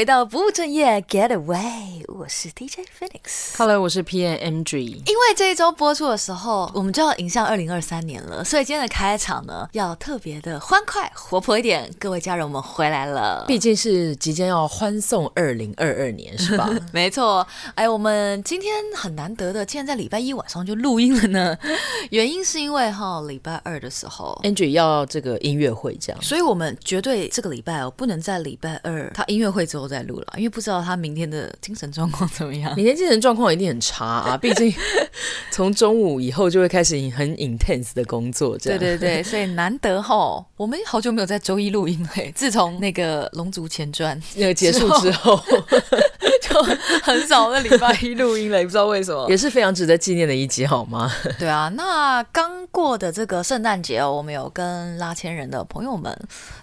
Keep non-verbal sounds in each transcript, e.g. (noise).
回到不務正業，Get Away，我是 DJ Phoenix，Hello，我是 PM Andree。因為這一周播出的時候，我們就要迎向二零二三年了，所以今天的開場呢，要特別的歡快、活潑一點。各位家人，我們回來了，畢竟是即將要歡送二零二二年，是吧？ (laughs) 沒錯，哎，我們今天很難得的，竟然在禮拜一晚上就錄音了呢。原因是因為哈，禮拜二的時候，Andree 要這個音樂會，這樣，所以我們絕對這個禮拜哦，不能在禮拜二他音樂會之後。在錄了，因為不知道他明天的精神狀況怎麼樣。明天精神狀況一定很差啊，畢對竟從中午以後就會開始很 intense 的工作。這樣，對對對，所以難得哦，我們好久沒有在周一錄音了、欸。自從那個《龍族前傳》那個結束之後。 (laughs) (laughs) 就很少在禮拜一錄音了，也不知道為什麼，也是非常值得紀念的一集，好嗎？ (laughs) 對啊，那剛過的這個聖誕節哦，我們有跟拉縴人的朋友們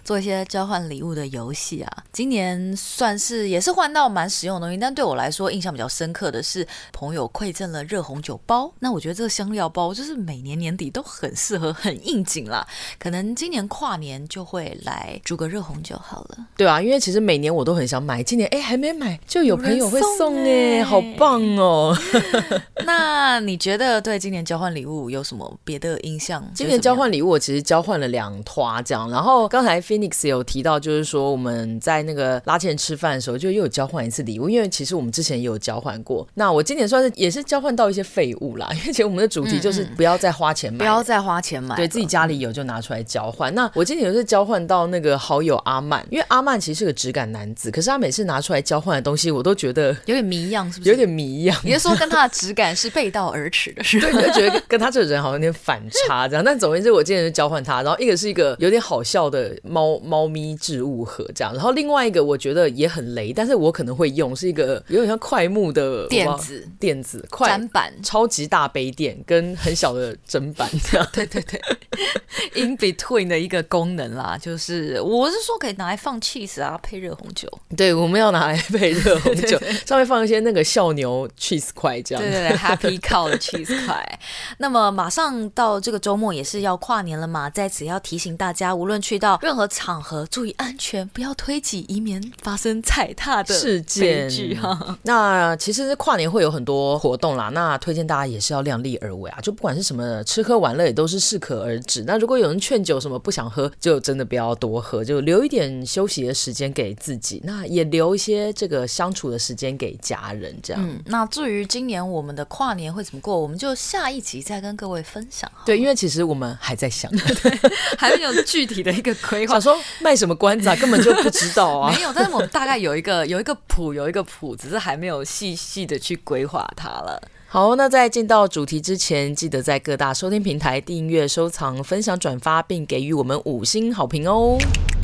做一些交換禮物的遊戲啊。今年算是也是換到蠻實用的東西，但對我來說，印象比較深刻的是朋友饋贈了熱紅酒包。那我覺得這個香料包就是每年年底都很適合，很應景啦。可能今年跨年就會來煮個熱紅酒好了。對啊，因為其實每年我都很想買，今年哎、欸、還沒買就。有朋友會送哎、欸，送欸、好棒哦、喔！ (laughs) 那你覺得對今年交換禮物有什麼別的印象？今年交換禮物，我其實交換了兩套這樣。然後剛才 Phoenix 有提到，就是說我們在那個拉縴吃飯的時候，就又有交換一次禮物。因為其實我們之前也有交換過。那我今年算是也是交換到一些廢物啦，而且我們的主題就是不要再花錢買嗯嗯，不要再花錢買，對自己家裡有就拿出來交換。嗯、那我今年也是交換到那個好友阿曼，因為阿曼其實是個質感男子，可是他每次拿出來交換的東西。我都覺得有點謎一樣，是不是有點謎一樣？你是說跟他的質感是背道而馳的是？ (laughs) 對，你就覺得跟他這個人好像有點反差這樣。 (laughs) 但總而言之，我今天就交換他，然後一個是一個有點好笑的貓貓咪置物盒這樣，然後另外一個我覺得也很雷，但是我可能會用，是一個有點像快木的墊子墊子、墊子、砧板、超級大杯墊跟很小的砧板這樣。 (laughs) 對對對 (laughs) ，In between 的一個功能啦，就是我是說可以拿來放 cheese 啊，配熱紅酒。對，我們要拿來配熱。酒上面放一些那個笑牛 cheese 塊，這樣的對對對 (laughs) ，Happy Cow 的 cheese 塊。那麼馬上到這個周末也是要跨年了嘛，在此要提醒大家，無論去到任何場合，注意安全，不要推擠，以免發生踩踏的事件。間 (laughs) 那其實跨年會有很多活動啦，那推薦大家也是要量力而為啊，就不管是什麼吃喝玩樂，也都是適可而止。那如果有人勸酒，什麼不想喝，就真的不要多喝，就留一點休息的時間給自己，那也留一些這個相。處的時間給家人，這樣。嗯，那至於今年我們的跨年會怎麼過，我們就下一集再跟各位分享。對，因為其實我們還在想 (laughs) 對，還沒有具體的一個規劃。說賣什麼關子啊， (laughs) 根本就不知道啊。沒有，但是我們大概有一個有一個譜，有一個譜，只是還沒有細細的去規劃它了。好，那在進到主題之前，記得在各大收聽平台訂閱、收藏、分享、轉發，並給予我們五星好評哦、喔。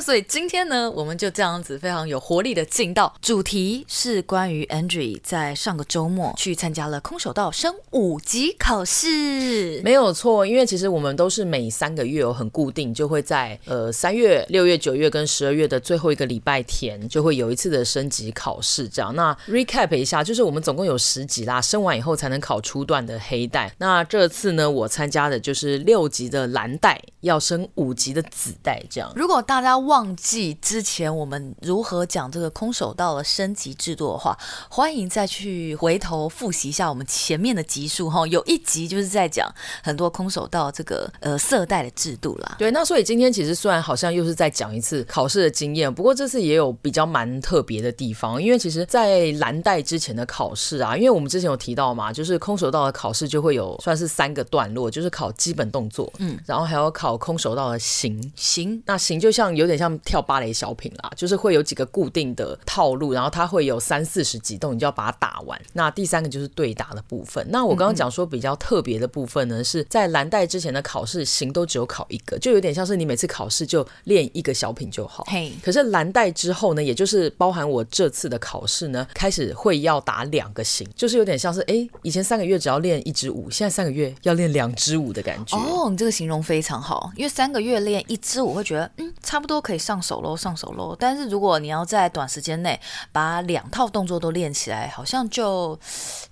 所以今天呢，我們就這樣子非常有活力的進到主題，是關於 Andree 在上個周末去參加了空手道升五級考試。沒有錯，因為其實我們都是每三個月有很固定，就會在呃三月、六月、九月跟十二月的最後一個禮拜天，就會有一次的升級考試。這樣，那 recap 一下，就是我們總共有十級啦，升完以後才能考初段的黑帶。那這次呢，我參加的就是六級的藍帶，要升五級的紫帶。這樣，如果大家忘記之前我們如何講這個空手道的升級制度的話，歡迎再去回頭複習一下我們前面的集數哈。有一集就是在講很多空手道這個呃色帶的制度啦。對，那所以今天其實雖然好像又是在講一次考試的經驗，不過這次也有比較蠻特別的地方，因為其實在藍帶之前的考試啊，因為我們之前有提到嘛，就是空手道的考試就會有算是三個段落，就是考基本動作，嗯，然後還要考空手道的型型，型那型就像有點。像跳芭蕾小品啦，就是會有幾個固定的套路，然後它會有三四十幾動，你就要把它打完。那第三個就是對打的部分。那我剛剛講說比較特別的部分呢，嗯嗯，是在藍帶之前的考試型都只有考一個，就有點像是你每次考試就練一個小品就好。嘿 Hey，可是藍帶之後呢，也就是包含我這次的考試呢，開始會要打兩個型，就是有點像是哎，以前三個月只要練一支舞，現在三個月要練兩支舞的感覺。哦，oh, 你這個形容非常好，因為三個月練一支舞，會覺得嗯，差不多。可以上手嘍，上手嘍！但是如果你要在短時間內把兩套動作都練起來，好像就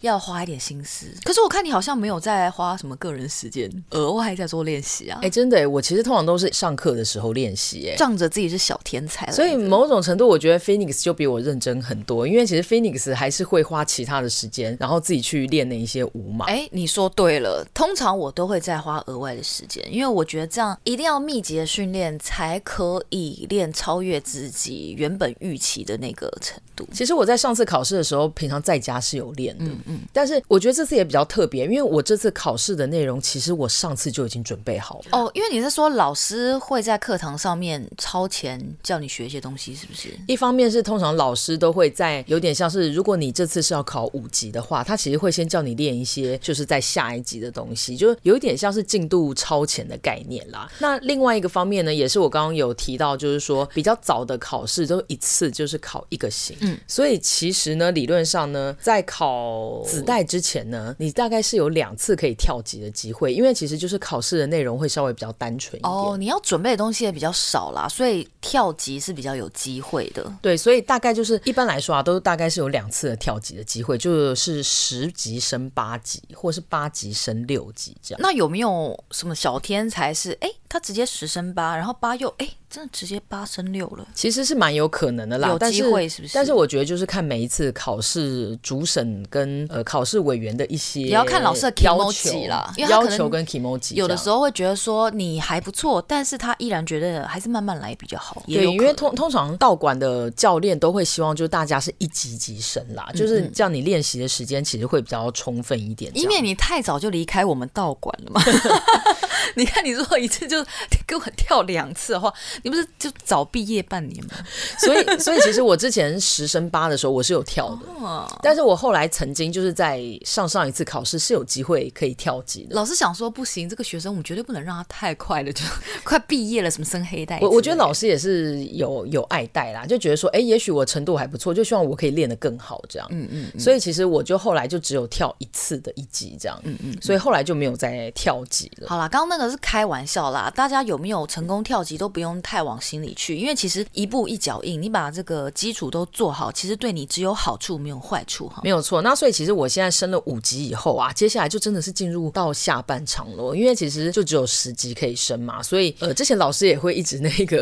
要花一點心思。可是我看你好像沒有在花什麼個人時間額外在做練習啊？哎、欸，真的、欸，我其實通常都是上課的時候練習、欸，仗着自己是小天才了。所以某種程度，我覺得 Phoenix 就比我認真很多，因為其實 Phoenix 還是會花其他的時間，然後自己去練那一些舞嘛。哎、欸，你說對了，通常我都會再花額外的時間，因為我覺得這樣一定要密集的訓練才可以。體練超越自己原本預期的那個程度。其實我在上次考試的時候，平常在家是有練的。嗯，嗯。但是我覺得這次也比較特別，因為我這次考試的內容，其實我上次就已經準備好了。哦，因為你是說老師會在課堂上面超前叫你學一些東西，是不是？一方面是通常老師都會在有點像是，如果你這次是要考五級的話，他其實會先叫你練一些就是在下一級的東西，就有一點像是進度超前的概念啦。那另外一個方面呢，也是我剛剛有提到。到就是說，比較早的考試都一次就是考一個型，嗯，所以其實呢，理論上呢，在考紫帶之前呢，你大概是有兩次可以跳級的機會，因為其實就是考試的內容會稍微比較單純一點，哦，你要準備的東西也比較少啦，所以跳級是比較有機會的，對，所以大概就是一般來說啊，都大概是有兩次的跳級的機會，就是十級升八級，或是八級升六級這樣。那有沒有什麼小天才是哎、欸，他直接十升八，然後八又哎、欸、真的？直接八升六了，其實是蠻有可能的啦。有機會是不是，是？但是我覺得就是看每一次考試主審跟呃考試委員的一些，也要看老師的要求啦，要求跟要求，有的時候會覺得說你還不錯，但是他依然覺得還是慢慢來比較好。對，因為通通常道館的教練都會希望就是大家是一級級升啦，就是這樣，你練習的時間其實會比較充分一點。以免、嗯嗯、你太早就離開我們道館了嘛， (laughs) (laughs) 你看你如果一次就給我跳兩次的話，你不是。就早畢業半年嘛， (laughs) 所以所以其實我之前十升八的時候我是有跳的，oh. 但是我後來曾經就是在上上一次考試是有機會可以跳級的，老師想說不行，這個學生我們絕對不能讓他太快了，就快畢業了，什麼升黑帶，我我覺得老師也是有有愛戴啦，就覺得說哎、欸，也許我程度還不錯，就希望我可以練得更好這樣，嗯、嗯嗯，所以其實我就後來就只有跳一次的一級這樣，嗯、嗯嗯，所以後來就沒有再跳級了。好啦，剛剛那個是開玩笑啦，大家有沒有成功跳級都不用太往。往心裡去，因為其實一步一腳印，你把這個基礎都做好，其實對你只有好處，沒有壞處哈。好，沒有錯，那所以其實我現在升了五級以後啊，接下來就真的是進入到下半場嘍，因為其實就只有十級可以升嘛，所以呃，之前老師也會一直那個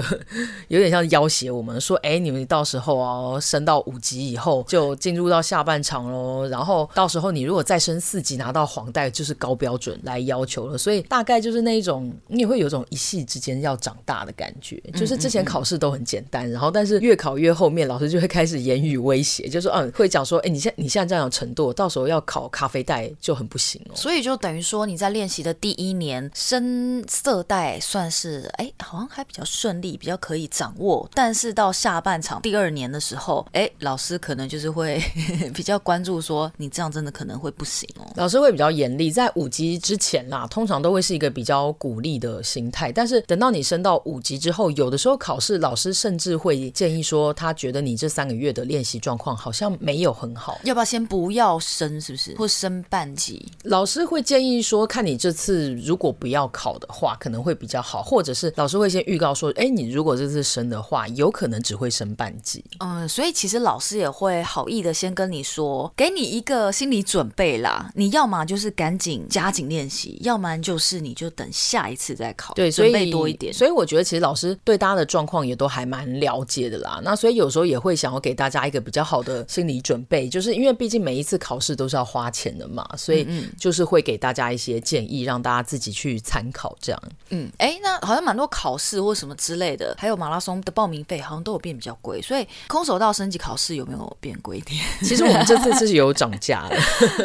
有點像要挾我們說，哎、欸，你們到時候哦、啊，升到五級以後就進入到下半場嘍，然後到時候你如果再升四級拿到黃帶，就是高標準來要求了，所以大概就是那一種，你也會有一種一夕之間要長大的感覺。就是之前考試都很簡單，然後但是越考越後面，老師就會開始言語威脅，就說、是、嗯、啊，會講說，哎、欸，你現你現在這樣有程度，到時候要考咖啡帶就很不行哦。所以就等於說你在練習的第一年升色帶算是哎、欸，好像還比較順利，比較可以掌握。但是到下半場第二年的時候，哎、欸，老師可能就是會 (laughs) 比較關注，說你這樣真的可能會不行哦。老師會比較嚴厲。在五級之前啦，通常都會是一個比較鼓勵的心態，但是等到你升到五級之後，有有時候考試，老師甚至會建議說，他覺得你這三個月的練習狀況好像沒有很好，要不要先不要升，是不是？或升半級？老師會建議說，看你這次如果不要考的話，可能會比較好，或者是老師會先預告說，哎、欸，你如果這次升的話，有可能只會升半級。嗯，所以其實老師也會好意的先跟你說，給你一個心理準備啦。你要麼就是趕緊加緊練習，要麼就是你就等下一次再考，對，準備多一點。所以，所以我覺得其實老師對。大家的狀況也都還蠻了解的啦，那所以有時候也會想要給大家一個比較好的心理準備，就是因為畢竟每一次考試都是要花錢的嘛，所以就是會給大家一些建議，讓大家自己去參考這樣。嗯，哎、欸，那好像蠻多考試或什麼之類的，還有馬拉松的報名費好像都有變比較貴，所以空手道升級考試有沒有變貴一點？其實我們這次是有漲價的，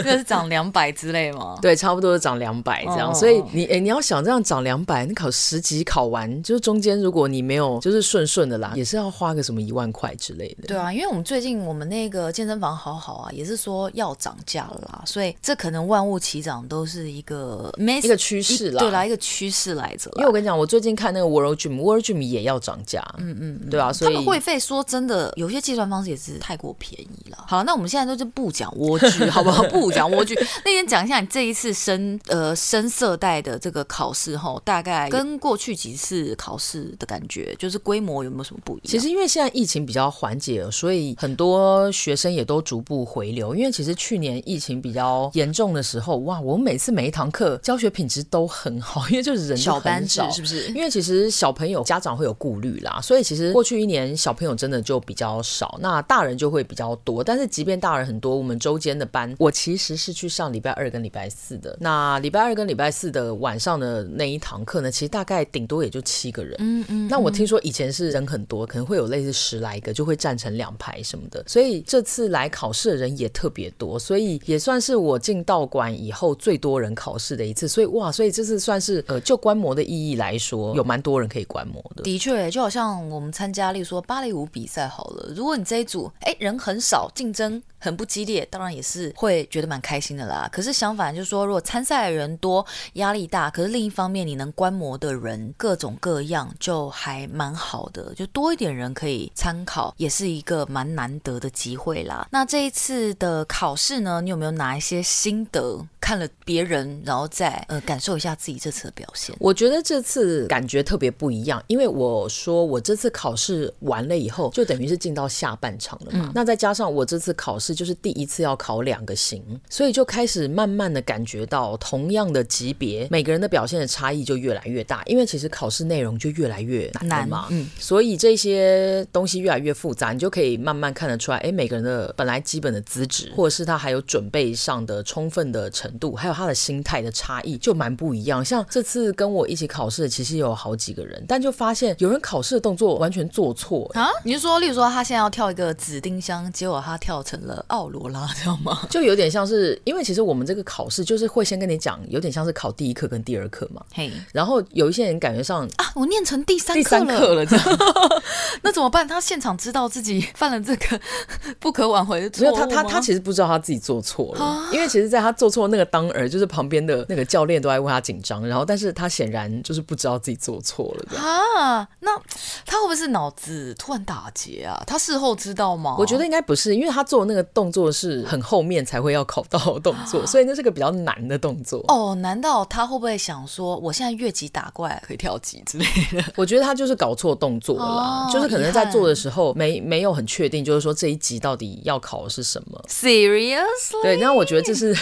這 (laughs) 是漲兩百之類嗎？對，差不多是漲兩百這樣。哦哦哦，所以你，哎、欸，你要想這樣漲兩百，200, 你考十級考完，就是中間如果你。沒有，就是順順的啦，也是要花個什麼一萬塊之類的。對啊，因為我們最近我們那個健身房好好啊，也是說要漲價了啦，所以這可能萬物齊漲都是一個一個趨勢啦，對啦，一個趨勢來着。因為我跟你講，我最近看那個 World Gym，World Gym 也要漲價。嗯，嗯嗯，對啊，所以他們會費說真的，有些計算方式也是太過便宜了。好，那我們現在就就不講蝸居，好不好？ (laughs) 不講蝸居，那天講一下你這一次升呃升色帶的這個考試後大概跟過去幾次考試的感覺。覺就是規模有沒有什麼不一樣？其實因為現在疫情比較緩解了，所以很多學生也都逐步回流。因為其實去年疫情比較嚴重的時候，哇，我們每次每一堂課教學品質都很好，因為就是人少班少，小班是不是？因為其實小朋友家長會有顧慮啦，所以其實過去一年小朋友真的就比較少，那大人就會比較多。但是即便大人很多，我們周間的班，我其實是去上禮拜二跟禮拜四的。那禮拜二跟禮拜四的晚上的那一堂課呢，其實大概頂多也就七個人。嗯嗯，那。我聽說以前是人很多，可能會有類似十來個，就會站成兩排什麼的。所以這次來考試的人也特別多，所以也算是我進道館以後最多人考試的一次。所以哇，所以這次算是呃，就觀摩的意義來說，有蠻多人可以觀摩的。的確，就好像我們參加，例如說芭蕾舞比賽好了，如果你這一組誒、欸、人很少，競爭。很不激烈，當然也是會覺得蠻開心的啦。可是相反，就是說如果參賽的人多，壓力大。可是另一方面，你能觀摩的人各種各樣，就還蠻好的，就多一點人可以參考，也是一個蠻難得的機會啦。那這一次的考試呢，你有沒有哪一些心得？看了別人，然後再呃感受一下自己這次的表現。我覺得這次感覺特別不一樣，因為我說我這次考試完了以後，就等於是進到下半場了嘛。嗯、那再加上我這次考試就是第一次要考兩個型，所以就開始慢慢的感覺到同樣的級別，每個人的表現的差異就越來越大。因為其實考試內容就越來越難嘛難，嗯，所以這些東西越來越複雜，你就可以慢慢看得出來，哎、欸，每個人的本來基本的資質，或者是他還有準備上的充分的程度。度還有他的心態的差異就蠻不一樣，像這次跟我一起考試的其實有好幾個人，但就發現有人考試的動作完全做錯啊！你就說，例如說他現在要跳一個紫丁香，結果他跳成了奧羅拉，知道嗎？就有點像是，因為其實我們這個考試就是會先跟你講，有點像是考第一課跟第二課嘛。嘿，然後有一些人感覺上啊，我念成第三課了，第三課了這樣 (laughs) (laughs) 那怎麼辦？他現場知道自己犯了這個不可挽回的錯誤，他他他，他其實不知道他自己做錯了，啊、因為其實在他做錯那個。當兒就是旁邊的那個教練都在問他緊張，然後但是他顯然就是不知道自己做錯了的啊。那他會不會是腦子突然打結啊？他事後知道嗎？我覺得應該不是，因為他做那個動作是很後面才會要考到的動作，啊、所以那是個比較難的動作。哦，難道他會不會想說我現在越級打怪可以跳級之類的？我覺得他就是搞錯動作了啦，啊、就是可能在做的時候沒憾沒有很確定，就是說這一級到底要考的是什麼 Seriously？對，那我覺得這是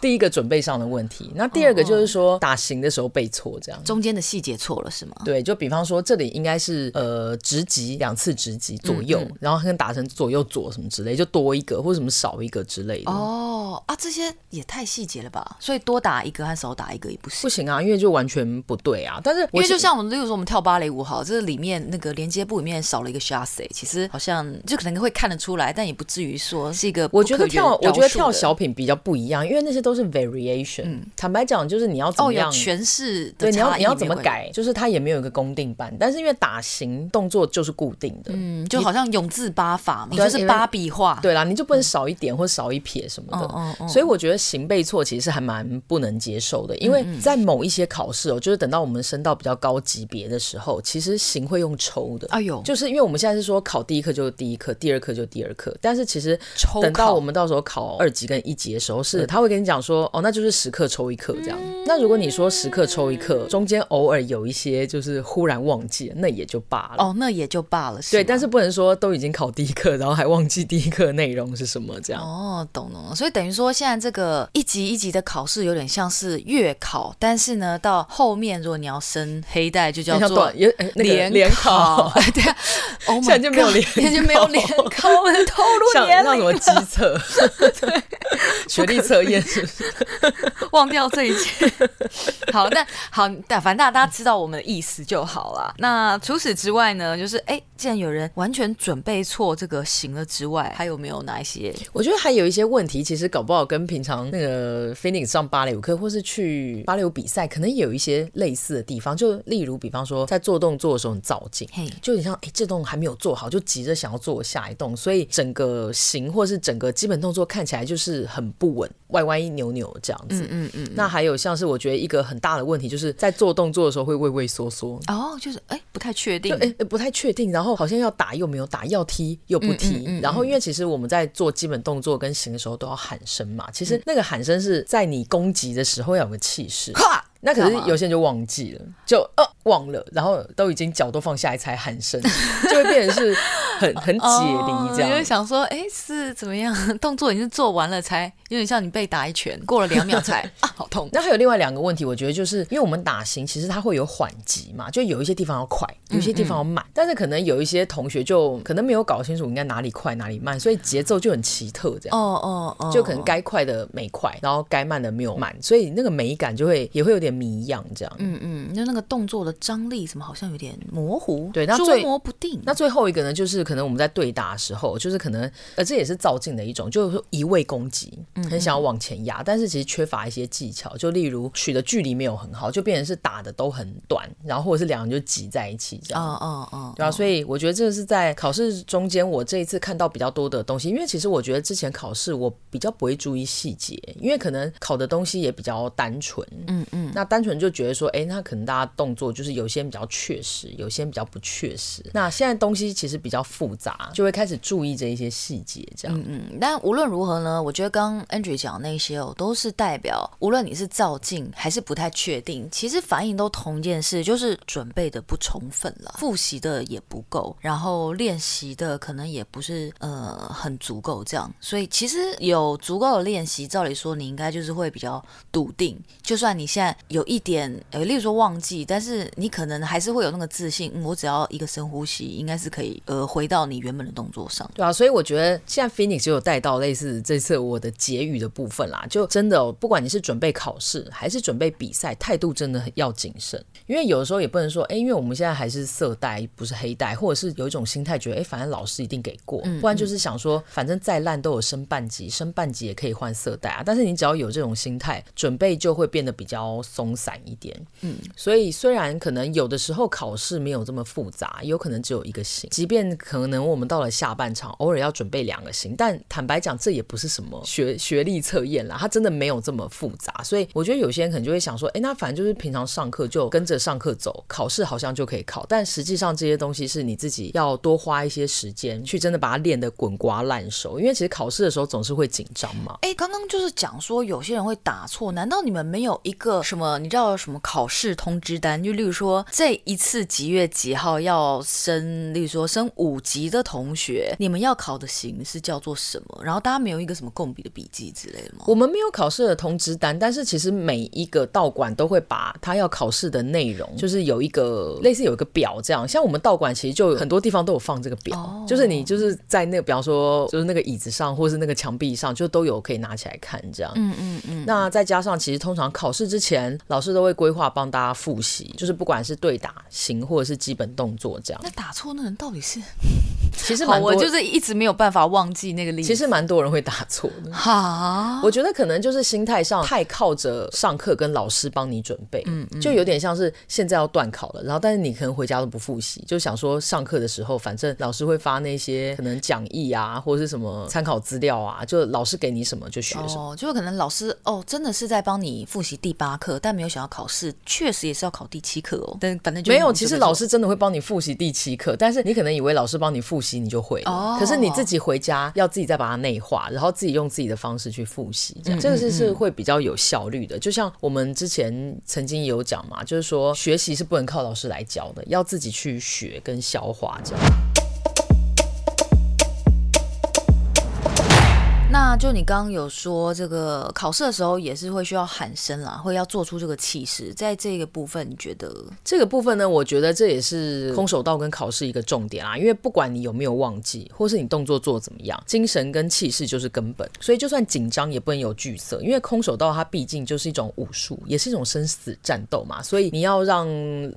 第。一個準備上的問題，那第二個就是說打型的時候背錯，這樣中間的細節錯了是嗎？對，就比方說這裡應該是呃直擊兩次直擊左右，嗯嗯、然後他打成左右左什麼之類，就多一個或者什麼少一個之類的。哦啊，這些也太細節了吧！所以多打一個和少打一個也不行，不行啊，因為就完全不對啊。但是因為就像我們，例如說我們跳芭蕾舞好，這裡面那個連接部裡面少了一個 chassé，其實好像就可能會看得出來，但也不至於說是一個。我覺得跳，我覺得跳小品比較不一樣，因為那些都是。variation，、嗯、坦白講就是你要怎麼樣詮釋，哦、對你要你要怎麼改，就是它也沒有一個公定版。但是因為打型動作就是固定的，嗯，就好像永字八法嘛，你，你就是八筆畫，對啦，你就不能少一點或少一撇什麼的。哦、所以我覺得型背錯其實是還蠻不能接受的，嗯、因為在某一些考試哦、喔，就是等到我們升到比較高級別的時候，其實型會用抽的。哎呦，就是因為我們現在是說考第一課就是第一課，第二課就第二課，但是其實等到我們到時候考二級跟一級的時候，是他會跟你講說。說哦，那就是時刻抽一課這樣。那如果你說時刻抽一課，中間偶爾有一些就是忽然忘記了，那也就罷了。哦，那也就罷了。是。對，但是不能說都已經考第一課，然後還忘記第一課內容是什麼這樣。哦，懂了，所以等於說現在這個一級一級的考試有點像是月考，但是呢，到後面如果你要升黑帶，就叫做聯聯考像。對，歐、欸、們、那個 (laughs) 哎 oh、就沒有聯 (laughs) 就沒有聯考，我們透露年齡了。像那什麼基測， (laughs) 對，學力測驗 (laughs) 忘掉這一切， (laughs) 好，那好，但凡大家知道我們的意思就好了。那除此之外呢，就是哎、欸，既然有人完全準備錯這個型了之外，還有沒有哪一些？我覺得還有一些問題，其實搞不好跟平常那個 Phoenix 上芭蕾舞課，或是去芭蕾舞比賽，可能有一些類似的地方。就例如，比方說在做動作的時候很躁進。嘿 Hey.，就你像哎，這動作還沒有做好，就急着想要做下一動，所以整個型或是整個基本動作看起來就是很不穩，外彎一扭。扭這樣子，嗯嗯，嗯嗯，那還有像是我覺得一個很大的問題，就是在做動作的時候會畏畏縮縮，哦，就是哎、欸、不太確定，哎、欸欸、不太確定，然後好像要打又沒有打，要踢又不踢，嗯嗯嗯、然後因為其實我們在做基本動作跟型的時候都要喊聲嘛，其實那個喊聲是在你攻擊的時候要有個氣勢，嗯、那可是有些人就忘記了，就、哦、忘了，然後都已經腳都放下一才喊聲， (laughs) 就會變成是。很很解離這樣、哦，你就想說，哎、欸，是怎麼樣？動作已經做完了，才有點像你被打一拳，過了兩秒才 (laughs) 啊，好痛。那還有另外兩個問題，我覺得就是，因為我們打型其實它會有緩急嘛，就有一些地方要快，有些地方要慢。嗯嗯，但是可能有一些同學就可能沒有搞清楚應該哪裡快，哪裡慢，所以節奏就很奇特這樣。哦，哦哦哦，就可能該快的沒快，然後該慢的沒有慢，所以那個美感就會也會有點迷樣這樣。嗯嗯，那那個動作的張力怎麼好像有點模糊？對，那捉摸不定。那最後一個呢，就是。可能我們在對打的時候，就是可能，呃，這也是躁進的一種，就是說一味攻擊，很想要往前壓，嗯嗯，但是其實缺乏一些技巧，就例如取的距離沒有很好，就變成是打的都很短，然後或者是兩人就擠在一起這樣，哦哦哦哦啊啊啊，對吧？所以我覺得這是在考試中間，我這一次看到比較多的東西，因為其實我覺得之前考試我比較不會注意細節，因為可能考的東西也比較單純，嗯嗯，那單純就覺得說，哎、欸，那可能大家動作就是有些人比較確實，有些人比較不確實，那現在東西其實比較。複雜，就會開始注意這一些細節，這樣。嗯嗯。但無論如何呢，我覺得剛 Andree 講那些哦，都是代表，無論你是照鏡還是不太確定，其實反應都同一件事，就是準備的不充分了，複習的也不夠，然後練習的可能也不是呃很足夠這樣。所以其實有足夠的練習，照理說你應該就是會比較篤定，就算你現在有一點呃，例如說忘記，但是你可能還是會有那個自信，嗯，我只要一個深呼吸，應該是可以呃回。回到你原本的動作上，對，對啊，所以我覺得現在 Phoenix 有帶到類似這次我的結語的部分啦，就真的、哦、不管你是準備考試還是準備比賽，態度真的很要謹慎，因為有的時候也不能說，哎，因為我們現在還是色帶，不是黑帶，或者是有一種心態覺得，哎，反正老師一定給過，不然就是想說，反正再爛都有升半級，升半級也可以換色帶啊。但是你只要有這種心態，準備就會變得比較鬆散一點。嗯，所以雖然可能有的時候考試沒有這麼複雜，有可能只有一個型，即便。可能我們到了下半場，偶爾要準備兩個型。但坦白講，這也不是什麼學學歷測驗啦，它真的沒有這麼複雜。所以我覺得有些人可能就會想說，哎，那反正就是平常上課就跟着上課走，考試好像就可以考。但實際上這些東西是你自己要多花一些時間去真的把它練得滾瓜爛熟，因為其實考試的時候總是會緊張嘛。哎，剛剛就是講說有些人會打錯，難道你們沒有一個什麼你知道什麼考試通知單？就例如說這一次幾月幾號要升，例如說升五。級的同學，你們要考的型是叫做什麼？然後大家沒有一個什麼共筆的筆記之類的嗎？我們沒有考試的通知單，但是其實每一個道館都會把他要考試的內容，就是有一個類似有一個表這樣。像我們道館其實就很多地方都有放這個表，哦、就是你就是在那個比方說就是那個椅子上或者是那個牆壁上就都有可以拿起來看這樣。嗯，嗯嗯嗯。那再加上其實通常考試之前老師都會規劃幫大家複習，就是不管是對打型或者是基本動作這樣。那打錯的人到底是？其實我就是一直沒有辦法忘記那個例子。其實蠻多人會答錯的。哈，我覺得可能就是心態上太靠着上課跟老師幫你準備，嗯，就有點像是現在要段考了，然後但是你可能回家都不複習，就想說上課的時候反正老師會發那些可能講義啊或者是什麼參考資料啊，就老師給你什麼就學什麼。哦，就可能老師哦真的是在幫你複習第八課，但沒有想到考試確實也是要考第七課哦。但反正就沒有，其實老師真的會幫你複習第七課，但是你可能以為老師幫。幫你復習，你就會。可是你自己回家要自己再把它內化，然後自己用自己的方式去復習這樣，這個是是會比較有效率的。就像我們之前曾經有講嘛，就是說學習是不能靠老師來教的，要自己去學跟消化這樣。那就你剛剛有說這個考試的時候也是會需要喊聲啦，會要做出這個氣勢，在這個部分你覺得這個部分呢？我覺得這也是空手道跟考試一個重點啊，因為不管你有沒有忘記，或是你動作做怎麼樣，精神跟氣勢就是根本。所以就算緊張也不能有懼色，因為空手道它畢竟就是一種武術，也是一種生死戰鬥嘛。所以你要讓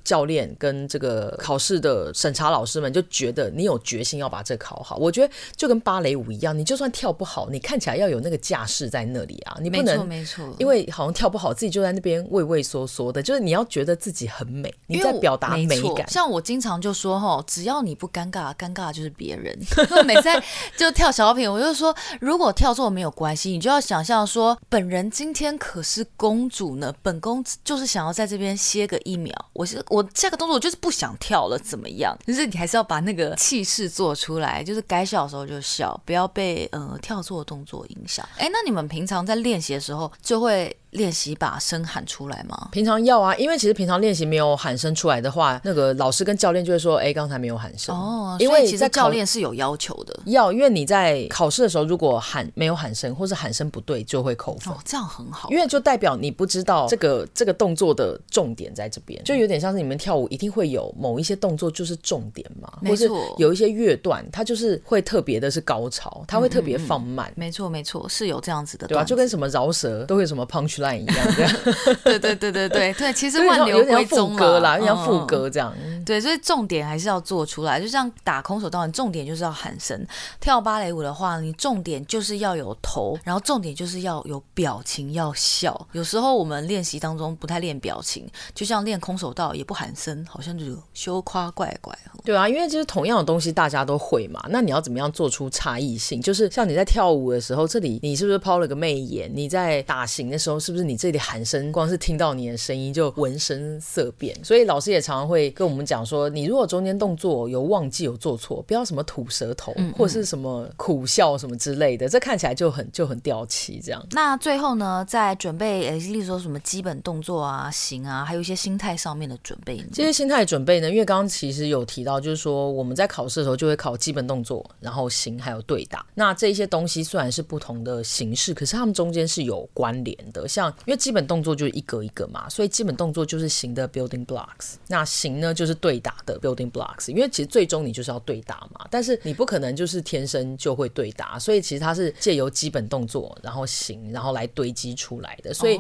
教練跟這個考試的審查老師們就覺得你有決心要把這個考好。我覺得就跟芭蕾舞一樣，你就算跳不好，你看起來。要有那個架勢在那裡啊，你沒錯沒錯，因為好像跳不好，自己就在那邊畏畏縮縮的。就是你要覺得自己很美，你在表達美感。像我經常就說哈，只要你不尷尬，尷尬的就是別人。 (laughs) 每次在就跳小品，我就說，如果跳錯沒有關係，你就要想象說本人今天可是公主呢，本宮就是想要在這邊歇個一秒。我是我下個動作，我就是不想跳了，怎麼樣？就是你還是要把那個氣勢做出來，就是該笑的時候就笑，不要被呃跳錯動作所影響，哎，那你們平常在練習的時候就會練習把聲喊出來嗎？平常要啊，因為其實平常練習沒有喊聲出來的話，那個老師跟教練就會說：“哎、欸，剛才沒有喊聲。”哦，因為在其實教練是有要求的。要，因為你在考試的時候，如果喊沒有喊聲，或是喊聲不對，就會扣分。哦，這樣很好，因為就代表你不知道這個這個動作的重點在這邊，就有點像是你們跳舞一定會有某一些動作就是重點嘛，沒錯，或是有一些樂段，它就是會特別的是高潮，它會特別放慢。沒錯、嗯嗯嗯，沒錯，是有這樣子的子。對吧，就跟什麼饒舌都有什麼。亂 (laughs) 一樣，對對 (laughs) 對對對對，對其實萬流歸宗了，像副歌這樣，對，所以重點還是要做出來。就像打空手道，你重點就是要喊聲；跳芭蕾舞的話，你重點就是要有頭，然後重點就是要有表情，要笑。有時候我們練習當中不太練表情，就像練空手道也不喊聲，好像就羞誇怪怪。對啊，因為就是同樣的東西大家都會嘛，那你要怎麼樣做出差異性？就是像你在跳舞的時候，這裡你是不是拋了個媚眼？你在打型的時候是。是不是你這裡喊聲，光是聽到你的聲音就聞聲色變？所以老師也常常會跟我們講說，你如果中間動作有忘記、有做錯，不要什麼吐舌頭，嗯嗯或是什麼苦笑什麼之類的，這看起來就很就很掉漆，這樣。那最後呢，在準備，例如說什麼基本動作啊、型啊，還有一些心態上面的準備呢？這些心態準備呢，因為剛剛其實有提到，就是說我們在考試的時候就會考基本動作，然後型還有對打。那這些東西雖然是不同的形式，可是它們中間是有關聯的。像，因為基本動作就是一個一個嘛，所以基本動作就是型的 building blocks。那型呢，就是對打的 building blocks。因為其實最終你就是要對打嘛，但是你不可能就是天生就會對打，所以其實它是借由基本動作，然後型，然後來堆積出來的。所以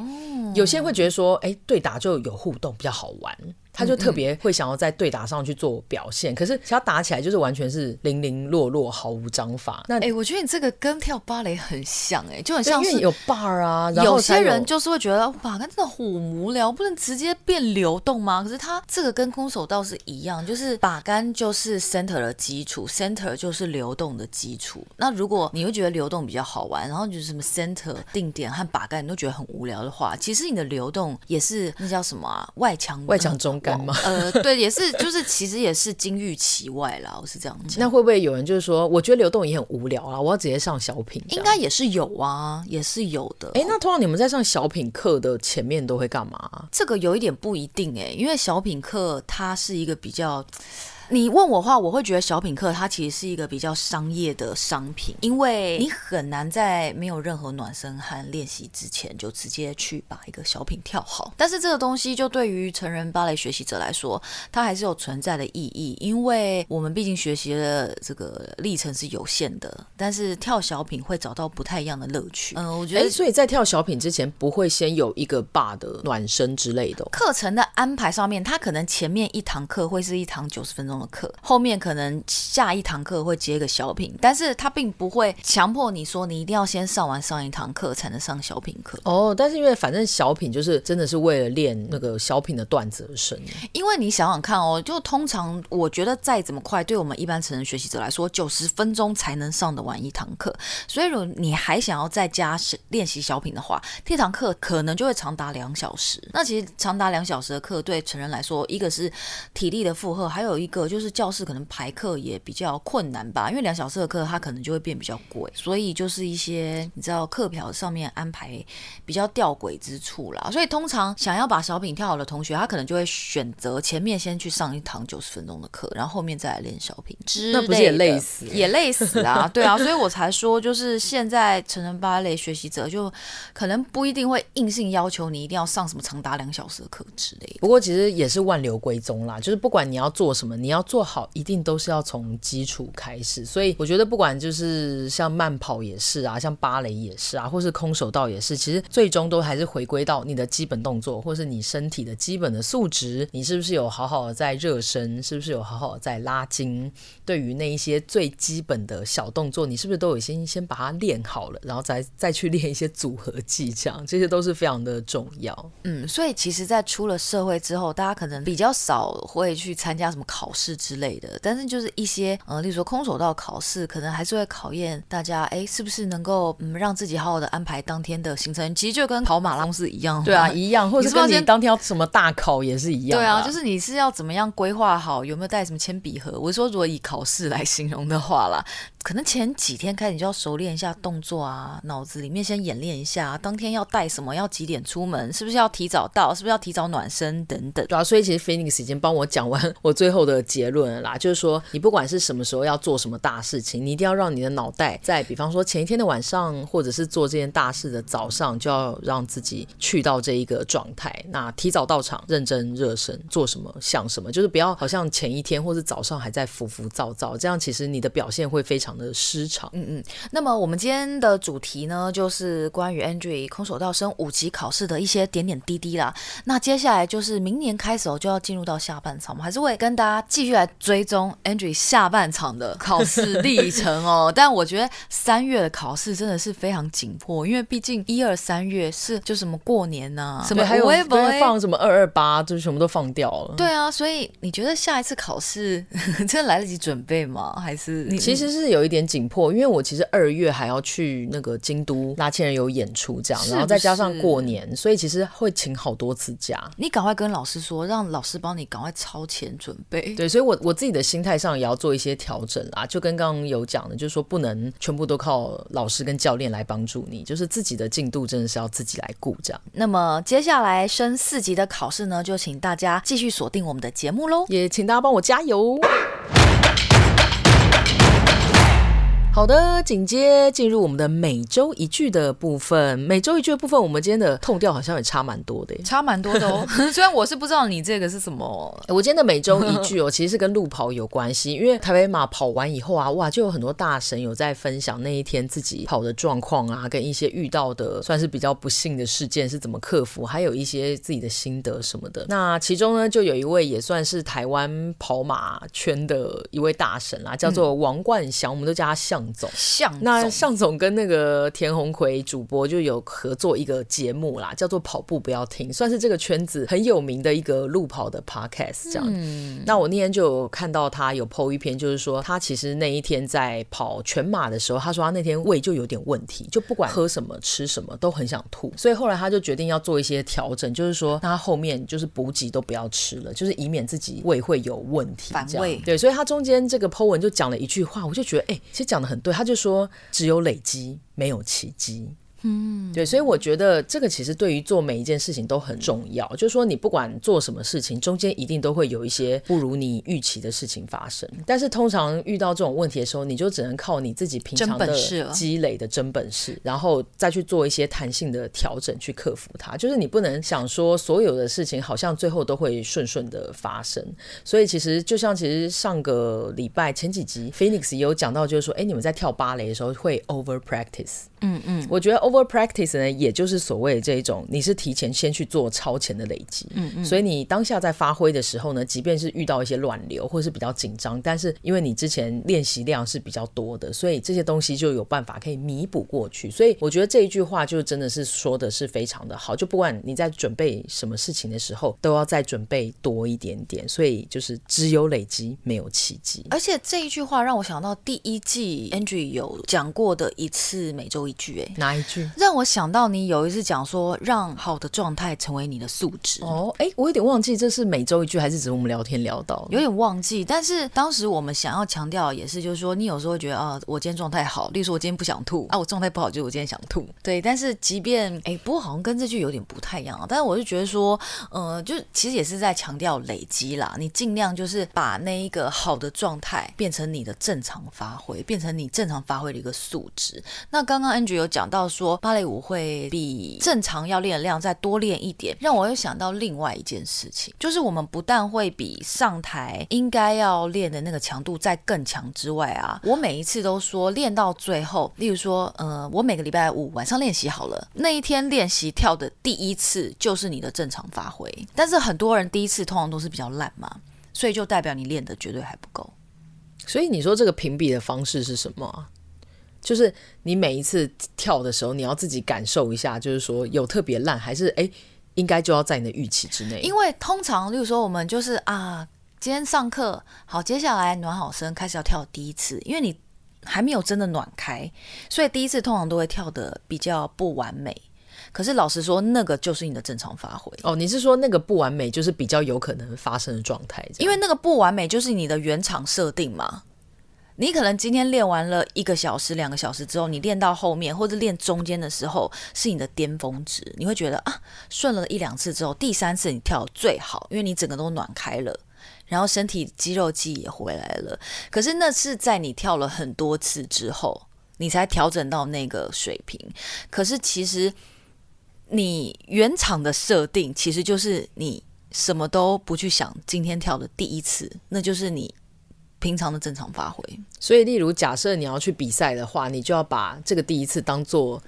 有些人會覺得說，哎、欸，對打就有互動比較好玩。他就特別會想要在對打上去做表現，嗯、可是其他打起來就是完全是零零落落，毫無章法。那哎、欸，我覺得你這個跟跳芭蕾很像、欸，哎，就很像是有 bar 啊。然後有，有些人就是會覺得把桿真的好無聊，不能直接變流動嗎？可是他這個跟空手道是一樣，就是把桿就是 center 的基礎，center 就是流動的基礎。那如果你會覺得流動比較好玩，然後就是什麼 center 定點和把桿，你都覺得很無聊的話，其實你的流動也是那叫什麼啊？外強外強中。呃，對，也是，就是其實也是金玉其外啦，我是這樣子 (laughs) 那會不會有人就是說，我覺得流動也很無聊啊，我要直接上小品。應該也是有啊，也是有的。哎、欸，那通常你們在上小品課的前面都會幹嘛，啊？這個有一點不一定哎、欸，因為小品課它是一個比較。你問我話，我會覺得小品課它其實是一個比較商業的商品，因為你很難在沒有任何暖身和練習之前就直接去把一個小品跳好。但是這個東西就對於成人芭蕾學習者來說，它還是有存在的意義，因為我們畢竟學習的這個歷程是有限的。但是跳小品會找到不太一樣的樂趣。嗯，我覺得，哎，所以在跳小品之前不會先有一個把的暖身之類的、哦、課程的安排上面，它可能前面一堂課會是一堂九十分鐘。課後面可能下一堂課會接個小品，但是他並不會強迫你說你一定要先上完上一堂課才能上小品課哦。但是因為反正小品就是真的是為了練那個小品的段子而生。因為你想想看哦，就通常我覺得再怎麼快，對我們一般成人學習者來說，九十分鐘才能上得完一堂課。所以如果你還想要在家練習小品的話，這堂課可能就會長達兩小時。那其實長達兩小時的課對成人來說，一個是體力的負荷，還有一個。就是教室可能排課也比較困難吧，因為兩小時的課它可能就會變比較貴，所以就是一些你知道課表上面安排比較吊詭之處啦。所以通常想要把小品跳好的同學，他可能就會選擇前面先去上一堂九十分鐘的課，然後後面再來練小品之類。那不是也累死，也累死啊？對啊，所以我才說就是現在成人芭蕾學習者就可能不一定會硬性要求你一定要上什麼長達兩小時的課之類的。不過其實也是萬流歸宗啦，就是不管你要做什麼，你要。要做好，一定都是要從基礎開始，所以我覺得不管就是像慢跑也是啊，像芭蕾也是啊，或是空手道也是，其實最終都還是回歸到你的基本動作，或是你身體的基本的素質，你是不是有好好的在熱身，是不是有好好的在拉筋？對於那一些最基本的小動作，你是不是都有先先把它練好了，然後再再去練一些組合技巧，這些都是非常的重要。嗯，所以其實，在出了社會之後，大家可能比較少會去參加什麼考試。是之類的，但是就是一些，呃，例如說空手道考試，可能還是會考驗大家，哎、欸，是不是能夠嗯讓自己好好的安排當天的行程？其實就跟跑馬拉松是一樣，對啊，一樣，或者是你當天要什麼大考也是一樣，對啊，就是你是要怎麼樣規劃好，有沒有帶什麼鉛筆盒？我說如果以考試來形容的話啦。可能前幾天開始你就要熟練一下動作啊，腦子裡面先演練一下啊，當天要帶什麼，要幾點出門，是不是要提早到，是不是要提早暖身等等。對啊，所以其實 Phoenix 已經幫我講完我最後的結論啦，就是說你不管是什麼時候要做什麼大事情，你一定要讓你的腦袋在，比方說前一天的晚上，或者是做這件大事的早上，就要讓自己去到這一個狀態。那提早到場，認真熱身，做什麼，想什麼，就是不要好像前一天或是早上還在浮浮躁躁，這樣其實你的表現會非常。的失常。嗯嗯，那麼我們今天的主題呢，就是關於 Andree 空手道升五級考試的一些點點滴滴啦。那接下來就是明年開始、哦、就要進入到下半場嗎，我們還是會跟大家繼續來追蹤 Andree 下半場的考試歷程哦。 (laughs) 但我覺得三月的考試真的是非常緊迫，因為畢竟一二三月是就什麼過年吶、啊，什麼還有放什麼二二八，就什麼都放掉了。對啊，所以你覺得下一次考試呵呵真的來得及準備嗎？還是你、嗯、其實是有。有點緊迫，因為我其實二月還要去那個京都，拉縴人有演出，這樣。是是，然後再加上過年，所以其實會請好多次假。你趕快跟老師說，讓老師幫你趕快超前準備。對，所以我我自己的心態上也要做一些調整啊，就跟剛剛有講的，就是說不能全部都靠老師跟教練來幫助你，就是自己的進度真的是要自己來顧這樣。那麼接下來升四級的考試呢，就請大家繼續鎖定我們的節目嘍，也請大家幫我加油。 (laughs) 好的，緊接進入我們的每周一句的部分。每周一句的部分，我們今天的 tone 調，好像也差蠻多的，差蠻多的哦。 (laughs) 雖然我是不知道你這個是什麼，我今天的每周一句哦，其實是跟路跑有關係。因為台北馬跑完以後啊，哇，就有很多大神有在分享那一天自己跑的狀況啊，跟一些遇到的算是比較不幸的事件是怎麼克服，還有一些自己的心得什麼的。那其中呢，就有一位也算是台灣跑馬圈的一位大神啦、啊，叫做王冠翔，嗯、我們都叫他象。像總向那向總跟那個田鴻魁主播就有合作一個節目啦，叫做《跑步不要聽》，算是這個圈子很有名的一個路跑的 podcast。這樣，嗯、那我那天就有看到他有 Po 一篇，就是說他其實那一天在跑全馬的時候，他說他那天胃就有點問題，就不管喝什麼吃什麼都很想吐，所以後來他就決定要做一些調整，就是說他後面就是補給都不要吃了，就是以免自己胃會有問題。反胃對，所以他中間這個 Po 文，就講了一句話，我就覺得哎、欸，其實講得很。對，他就說，只有累積，沒有奇蹟。嗯，對，所以我覺得這個其實對於做每一件事情都很重要。嗯、就是說，你不管做什麼事情，中間一定都會有一些不如你預期的事情發生。嗯、但是通常遇到這種問題的時候，你就只能靠你自己平常的積累的真本事，本事然後再去做一些彈性的調整去克服它。就是你不能想說所有的事情好像最後都會順順的發生。所以其實就像其實上個禮拜前幾集 Phoenix 有講到，就是說，哎、欸，你們在跳芭蕾的時候會 over practice。嗯嗯， (noise) 我覺得 over practice 呢，也就是所謂這一種，你是提前先去做超前的累積，嗯嗯，所以你當下在發揮的時候呢，即便是遇到一些亂流或者是比較緊張，但是因為你之前練習量是比較多的，所以這些東西就有辦法可以彌補過去。所以我覺得這一句話就真的是說的是非常的好，就不管你在準備什麼事情的時候，都要再準備多一點點。所以就是只有累積，沒有奇蹟。而且這一句話讓我想到第一季 Andree 有講過的一次每週一。一句哎，哪一句讓我想到你有一次講說，讓好的狀態成為你的素質哦。哎，我有點忘記，這是每周一句還是只是我們聊天聊到？有點忘記，但是當時我們想要強調也是，就是說你有時候會覺得啊、呃，我今天狀態好，例如說我今天不想吐啊，我狀態不好就是我今天想吐。對，但是即便哎，不過好像跟這句有點不太一樣啊。但是我就覺得說，呃，就其實也是在強調累積啦，你儘量就是把那一個好的狀態變成你的正常發揮，變成你正常發揮的一個素質。那剛剛。有講到說芭蕾舞會比正常要練的量再多練一點，讓我又想到另外一件事情，就是我們不但會比上台應該要練的那個強度再更強之外啊，我每一次都說練到最後，例如說，嗯、呃，我每個禮拜五晚上練習好了，那一天練習跳的第一次就是你的正常發揮，但是很多人第一次通常都是比較爛嘛，所以就代表你練的絕對還不夠。所以你說這個評比的方式是什麼？就是你每一次跳的時候，你要自己感受一下，就是說有特別爛，還是哎、欸，應該就要在你的預期之內。因為通常，例如說我們就是啊，今天上課好，接下來暖好身，開始要跳第一次，因為你還沒有真的暖開，所以第一次通常都會跳得比較不完美。可是老實說，那個就是你的正常發揮。哦，你是說那個不完美就是比較有可能發生的狀態？因為那個不完美就是你的原廠設定嘛。你可能今天練完了一個小時、兩個小時之後，你練到後面或者練中間的時候是你的巔峰值，你會覺得啊，順了一兩次之後，第三次你跳最好，因為你整個都暖開了，然後身體肌肉記憶也回來了。可是那是在你跳了很多次之後，你才調整到那個水平。可是其實你原廠的設定其實就是你什麼都不去想，今天跳的第一次，那就是你。平常的正常發揮、嗯，所以，例如假設你要去比賽的話，你就要把這個第一次當做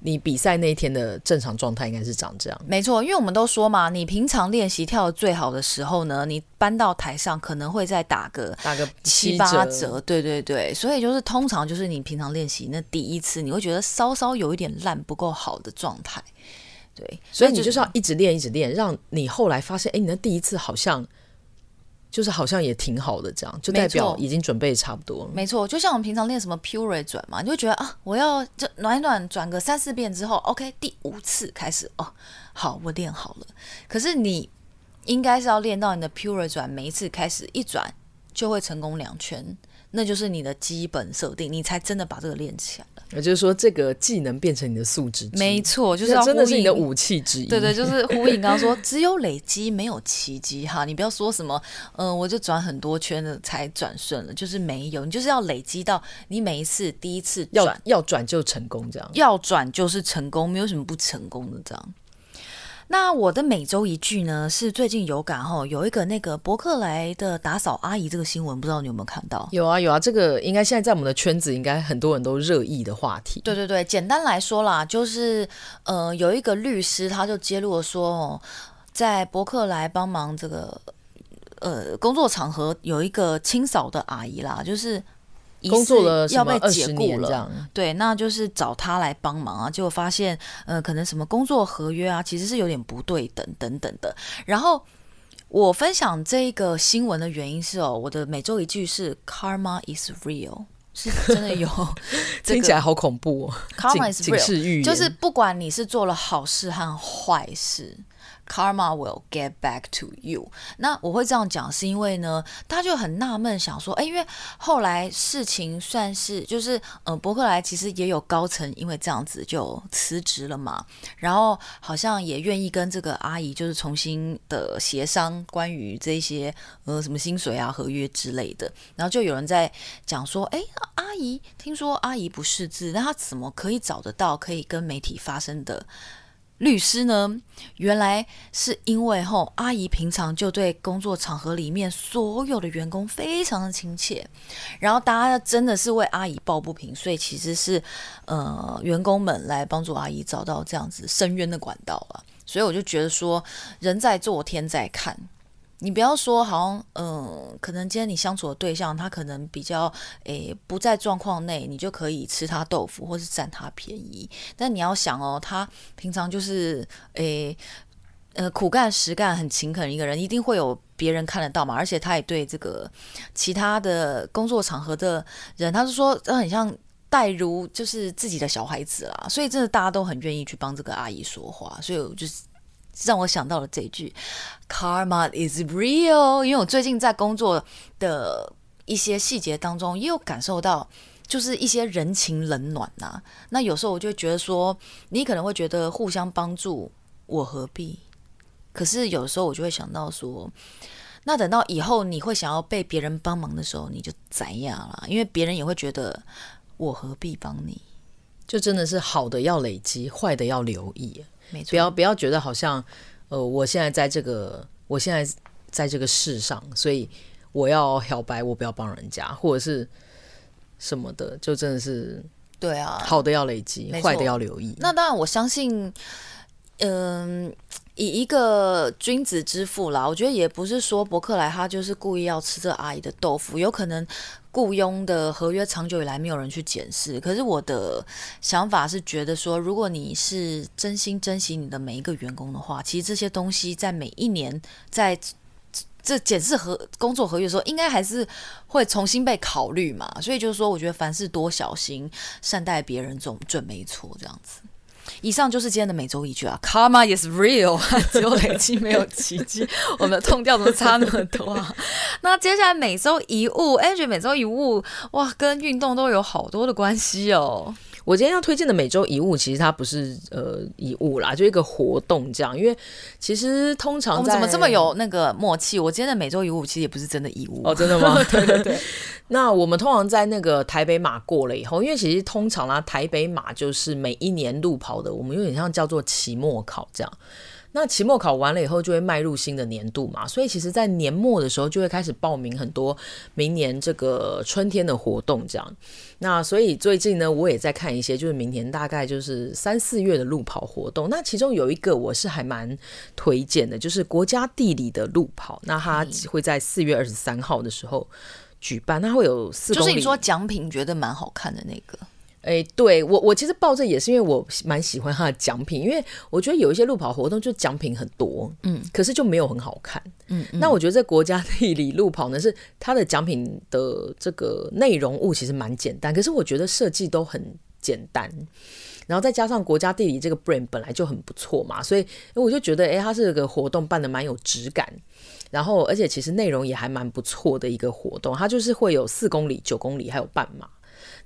你比賽那一天的正常狀態，應該是長這樣。沒錯，因為我們都說嘛，你平常練習跳得最好的時候呢，你搬到台上可能會再打個打個七折八折，對對對。所以就是通常就是你平常練習那第一次，你會覺得稍稍有一點爛、不夠好的狀態。對，所以你就是要一直練、一直練，讓你後來發現，哎、欸，你的第一次好像。就是好像也挺好的，這樣就代表已經準備差不多了。沒錯，就像我們平常練什麼 pure 轉嘛，你就覺得啊，我要這暖暖轉個三四遍之後，OK，第五次開始哦，啊，好，我練好了。可是你應該是要練到你的 pure 轉，每一次開始一轉。就會成功兩圈，那就是你的基本設定，你才真的把這個練起來了。也就是說，這個技能變成你的素質，沒錯，就是要呼應真的是你的武器之一。對對，就是呼應。剛剛說， (laughs) 只有累積，沒有奇蹟。哈，你不要說什麼，嗯、呃，我就轉很多圈的才轉順了，就是沒有。你就是要累積到你每一次第一次轉，要，要轉就成功這樣。要轉就是成功，沒有什麼不成功的這樣。那我的每週一句呢，是最近有感吼，有一個那個博客來的打掃阿姨這個新聞，不知道你有沒有看到？有啊有啊，這個應該現在在我們的圈子應該很多人都熱議的話題。對對對，簡單來說啦，就是呃，有一個律師他就揭露了說哦，在博客來幫忙這個呃工作場合有一個清掃的阿姨啦，就是。工作了要被解雇了，了對，那就是找他來幫忙啊。結果發現，呃，可能什麼工作合約啊，其實是有點不對等等等的。然後我分享這個新聞的原因是哦，我的每周一句是 Karma is real，是真的有、這個， (laughs) 聽起來好恐怖哦。Karma is real，就是不管你是做了好事和壞事。Karma will get back to you。那我會這樣講，是因為呢，他就很納悶，想說，哎，因為後來事情算是，就是，嗯、呃，博客來其實也有高層因為這樣子就辭職了嘛，然後好像也願意跟這個阿姨就是重新的協商關於這些，呃，什麼薪水啊、合約之類的。然後就有人在講說，哎，阿姨，聽說阿姨不識字，那她怎麼可以找得到可以跟媒體發聲的？律師呢？原來是因為吼，阿姨平常就對工作場合裡面所有的員工非常的親切，然後大家真的是為阿姨抱不平，所以其實是呃，員工們來幫助阿姨找到這樣子伸冤的管道了、啊。所以我就覺得說，人在做，天在看。你不要說好像，嗯、呃，可能今天你相處的對象他可能比較，誒、欸，不在狀況內，你就可以吃他豆腐或是占他便宜。但你要想哦，他平常就是，誒、欸，呃，苦幹實幹，很勤懇一個人，一定會有別人看得到嘛。而且他也對這個其他的工作場合的人，他是說，這很像帶入就是自己的小孩子啦。所以真的大家都很願意去幫這個阿姨說話，所以我就是。讓我想到了這句，“Karma is real”，因為我最近在工作的一些細節當中，也有感受到，就是一些人情冷暖啊。那有時候我就會覺得說，你可能會覺得互相幫助，我何必？可是有時候我就會想到說，那等到以後你會想要被別人幫忙的時候，你就怎樣了，因為別人也會覺得我何必幫你？就真的是好的要累積，壞的要留意。不要不要覺得好像，呃，我現在在這個，我現在在這個世上，所以我要表白，我不要幫人家或者是什麼的，就真的是對啊，好的要累積，啊、壞的要留意。那當然，我相信，嗯、呃，以一個君子之腹啦，我覺得也不是說博客來他就是故意要吃這阿姨的豆腐，有可能。僱傭的合約長久以來沒有人去檢視，可是我的想法是覺得說，如果你是真心珍惜你的每一個員工的話，其實這些東西在每一年在這檢視合工作合約的時候，應該還是會重新被考慮嘛。所以就是說，我覺得凡事多小心，善待別人總準沒錯，這樣子。以上就是今天的每周一句啊，Karma is real 只有累積沒有奇蹟， (laughs) 我們的痛調怎麼差那麼多啊？那接下來每周一物，Angie 每周一物哇，跟運動都有好多的關係哦。我今天要推薦的每周一物，其實它不是呃一物啦，就一個活動這樣。因為其實通常我們怎麼這麼有那個默契？我今天的每周一物其實也不是真的一物哦，真的嗎？ (laughs) 對對對。 (laughs) 那我們通常在那個台北馬過了以後，因為其實通常啦、啊，台北馬就是每一年路跑的，我們有點像叫做期末考這樣。那期末考完了以後，就會邁入新的年度嘛，所以其實，在年末的時候，就會開始報名很多明年這個春天的活動，這樣。那所以最近呢，我也在看一些，就是明年大概就是三四月的路跑活動。那其中有一個，我是還蠻推薦的，就是國家地理的路跑。那它會在四月二十三號的時候舉辦，它會有四公里。就是你說獎品覺得蠻好看的那個。哎、欸，對我，我其實報這也是因為我蠻喜歡他的獎品，因為我覺得有一些路跑活動就獎品很多，嗯，可是就沒有很好看，嗯，那我覺得在國家地理路跑呢，是他的獎品的這個內容物其實蠻簡單，可是我覺得設計都很簡單，然後再加上國家地理這個 brand 本來就很不錯嘛，所以我就覺得，哎、欸，他是個活動辦得蠻有質感，然後而且其實內容也還蠻不錯的一個活動，它就是會有四公里、九公里還有半馬。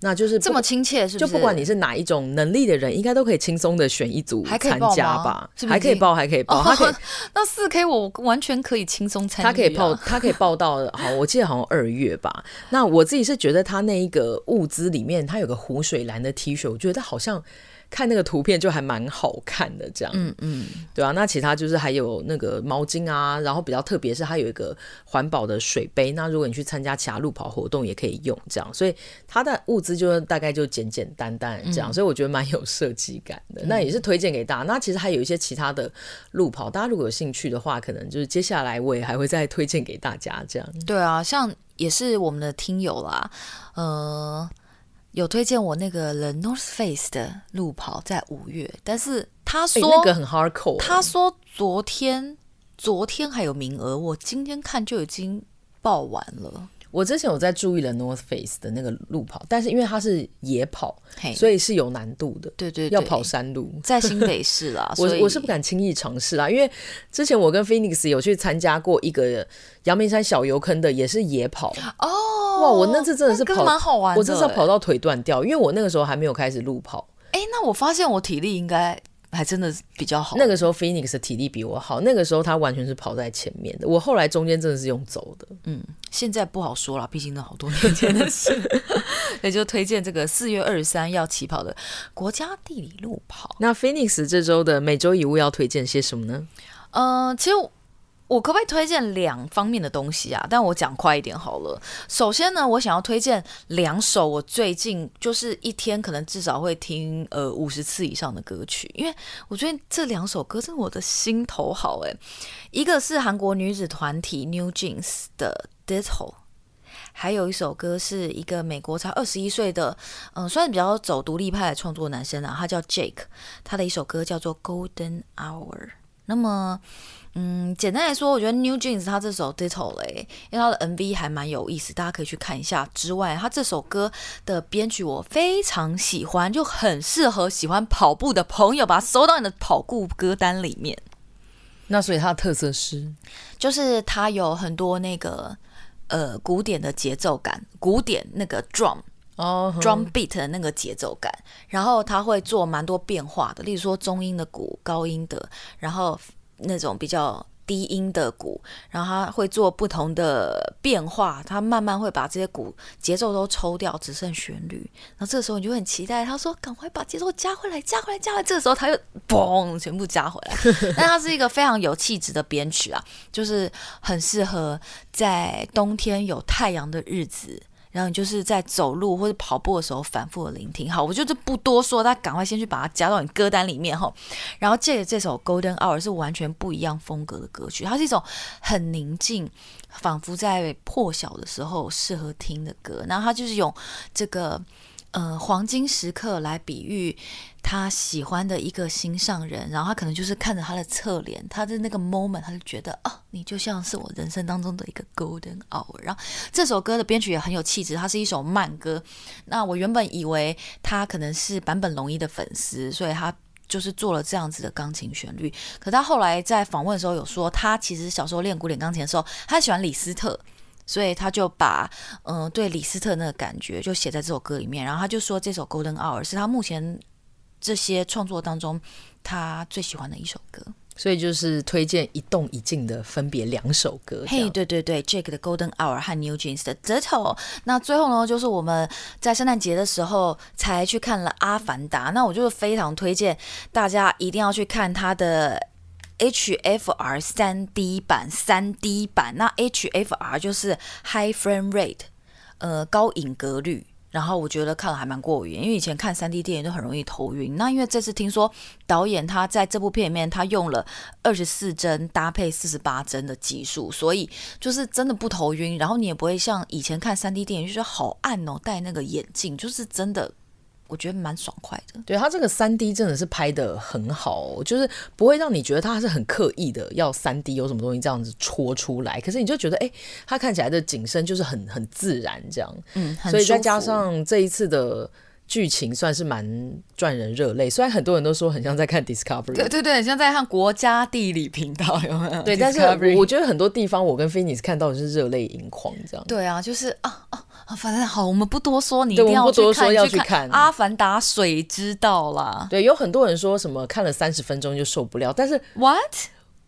那就是這麼親切，是不是？就不管你是哪一種能力的人，應該都可以輕鬆的選一組參加吧？還可以報嗎？是不是可以？還可以報，還可以報，oh, 他可以。那四 K 我完全可以輕鬆參加。他可以報，他可以報到。好，我記得好像二月吧。 (laughs) 那我自己是覺得他那一個物資裡面，他有個湖水藍的 T 恤，我覺得好像。看那個圖片就還蠻好看的，這樣，嗯嗯，對啊。那其他就是還有那個毛巾啊，然後比較特別是它有一個環保的水杯，那如果你去參加其他路跑活動也可以用，這樣。所以它的物資就大概就簡簡單單這樣，嗯、所以我覺得蠻有設計感的。嗯、那也是推薦給大家。那其實還有一些其他的路跑，大家如果有興趣的話，可能就是接下來我也還會再推薦給大家這樣。對啊，像也是我們的聽友啦，嗯、呃。有推薦我那個 The North Face 的路跑在五月，但是他說、欸那個很 hardcore、他說昨天昨天還有名額，我今天看就已經報完了。我之前有在注意了 North Face 的那個路跑，但是因為它是野跑，hey, 所以是有難度的。對，對對，要跑山路，在新北市了 (laughs) 所以，我我是不敢輕易嘗試啦。因為之前我跟 Phoenix 有去參加過一個陽明山小油坑的，也是野跑哦。Oh, 哇，我那次真的是蠻好玩的，我這次跑到腿斷掉，因為我那個時候還沒有開始路跑。哎、欸，那我發現我體力應該。還真的比較好。那個時候，Phoenix 的體力比我好。那個時候，他完全是跑在前面的。我後來中間真的是用走的。嗯，現在不好說了，畢竟那好多年前的事。也 (laughs) (laughs) 就推薦這個四月二十三要起跑的國家地理路跑。那 Phoenix 這周的每周一物要推薦些什麼呢？呃，其實。我可不可以推薦兩方面的東西啊？但我講快一點好了。首先呢，我想要推薦兩首我最近就是一天可能至少會聽呃五十次以上的歌曲，因為我覺得這兩首歌真的我的心頭好哎。一個是韓國女子團體 New Jeans 的《Ditto》，還有一首歌是一個美國才二十一歲的嗯，雖然比較走獨立派的創作的男生啊，他叫 JVKE，他的一首歌叫做《Golden Hour》。那麼。嗯，簡單來說，我覺得 New Jeans 他這首 Ditto、欸、哎，因為他的 MV 還蠻有意思，大家可以去看一下。之外，他這首歌的編曲我非常喜歡，就很適合喜歡跑步的朋友，把它搜到你的跑步歌單裡面。那所以它的特色是，就是它有很多那個呃古典的節奏感，古典那個 drum 哦、oh, drum beat 的那個節奏感，嗯、然後它會做蠻多變化的，例如說中音的鼓、高音的，然後。那種比較低音的鼓，然後他會做不同的變化，他慢慢會把這些鼓節奏都抽掉，只剩旋律。然後這個時候你就很期待，他說：“趕快把節奏加回來，加回來，加回來。”這個時候他又嘣，全部加回來。 (laughs) 但他是一個非常有氣質的編曲啊，就是很適合在冬天有太陽的日子。然後你就是在走路或者跑步的時候反覆的聆聽。好，我就這不多說，大家趕快先去把它加到你歌單裡面吼，然後借著這首《Golden Hour》是完全不一樣風格的歌曲，它是一種很寧靜，仿佛在破曉的時候適合聽的歌。然後它就是用這個。呃，黃金時刻來比喻他喜歡的一個心上人，然後他可能就是看着他的側臉，他的那個 moment，他就覺得啊、哦，你就像是我人生當中的一個 golden hour。然後這首歌的編曲也很有氣質，它是一首慢歌。那我原本以為他可能是坂本龍一的粉絲，所以他就是做了這樣子的鋼琴旋律。可他後來在訪問的時候有說，他其實小時候練古典鋼琴的時候，他喜歡李斯特。所以他就把嗯、呃、對李斯特那個感覺就寫在這首歌裡面，然後他就說這首 Golden Hour 是他目前這些創作當中他最喜歡的一首歌。所以就是推薦一動一靜的分別兩首歌。嘿，hey, 對對對，JVKE 的 Golden Hour 和 New Jeans 的《Ditto》，那最後呢，就是我們在聖誕節的時候才去看了《阿凡達》，那我就是非常推薦大家一定要去看他的。HFR 3D 版，3D 版。那 HFR 就是 high frame rate，呃，高影格率。然後我覺得看了還蠻過癮，因為以前看 3D 電影都很容易頭暈。那因為這次聽說導演他在這部片裡面他用了二十四幀搭配四十八幀的技術，所以就是真的不頭暈。然後你也不會像以前看 3D 電影就覺得好暗哦，戴那個眼鏡就是真的。我覺得蠻爽快的，對他這個三 D 真的是拍得很好，就是不會讓你覺得他是很刻意的要三 D 有什麼東西這樣子戳出來，可是你就覺得哎，欸，他看起來的景深就是很很自然這樣，嗯，很所以再加上這一次的劇情算是蠻賺人熱淚，雖然很多人都說很像在看 Discovery，對對對，像在看國家地理頻道有沒有？對，Discovery，但是我覺得很多地方我跟菲尼斯看到的是熱淚盈眶這樣，對啊，就是啊啊。反正好，我們不多說，你一定要對我不多說去看要去看《阿凡達水之道》啦。對，有很多人說什麼看了三十分鐘就受不了，但是 what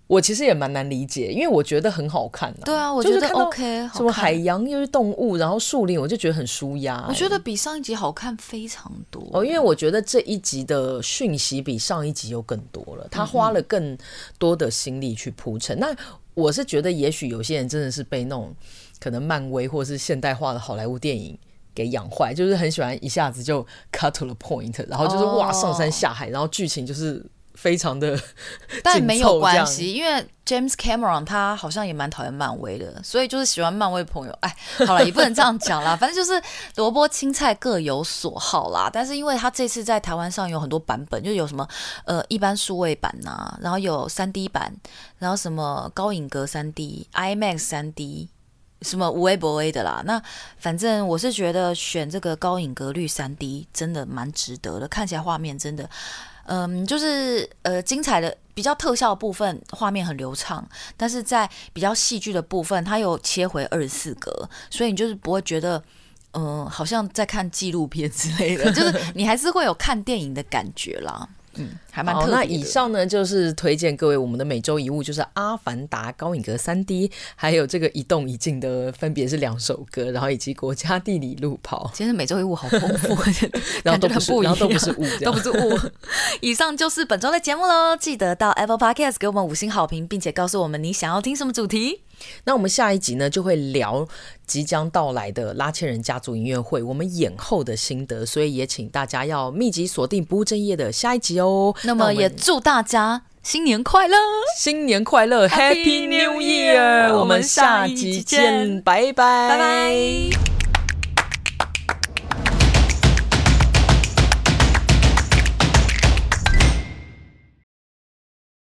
我其實也蠻難理解，因為我覺得很好看、啊。對啊，我覺得 OK，什麼海洋，okay, 麼海洋又是動物，然後樹林，我就覺得很舒壓、欸。我覺得比上一集好看非常多對哦，因為我覺得這一集的訊息比上一集又更多了，嗯、哼他花了更多的心力去鋪陳。那、嗯、哼我是覺得，也許有些人真的是被弄。可能漫威、或是現代化的好萊塢電影給養壞，就是很喜歡一下子就 cut to the point，然後就是哇、哦、上山下海，然後劇情就是非常的，但沒有關係， (laughs) 因為 James Cameron 他好像也蠻討厭漫威的，所以就是喜歡漫威的朋友哎，好了，也不能這樣講啦， (laughs) 反正就是蘿卜青菜各有所好啦。但是因為他這次在台灣上有很多版本，就有什麼呃，一般數位版吶、啊，然後有三 D 版，然後什麼高影格三 D、IMAX 三 D。什麼無微不微的啦？那反正我是覺得選這個高影格率三 D 真的蠻值得的，看起來畫面真的，嗯，就是呃精彩的比較特效的部分畫面很流暢，但是在比較戲劇的部分，它又切回二十四格，所以你就是不會覺得，嗯、呃，好像在看紀錄片之類的，就是你還是會有看電影的感覺啦。嗯，還蠻好。那以上呢，就是推薦各位我們的每周一物，就是《阿凡達》高影格三 D，還有這個一動一靜的，分別是兩首歌，然後以及《國家地理》路跑。其實每周一物好豐富， (laughs) (laughs) 然後都不是，然後都不是物，都不是物。以上就是本周的節目嘍，記得到 Apple Podcast 給我們五星好評，並且告訴我們你想要聽什麼主題。那我們下一集呢，就會聊即將到來的拉縴人家族音樂會，我們演後的心得。所以也請大家要密集鎖定不務正業的下一集哦。那麼也祝大家新年快樂，新年快樂，Happy New Year！我們下一集見，拜拜，拜拜。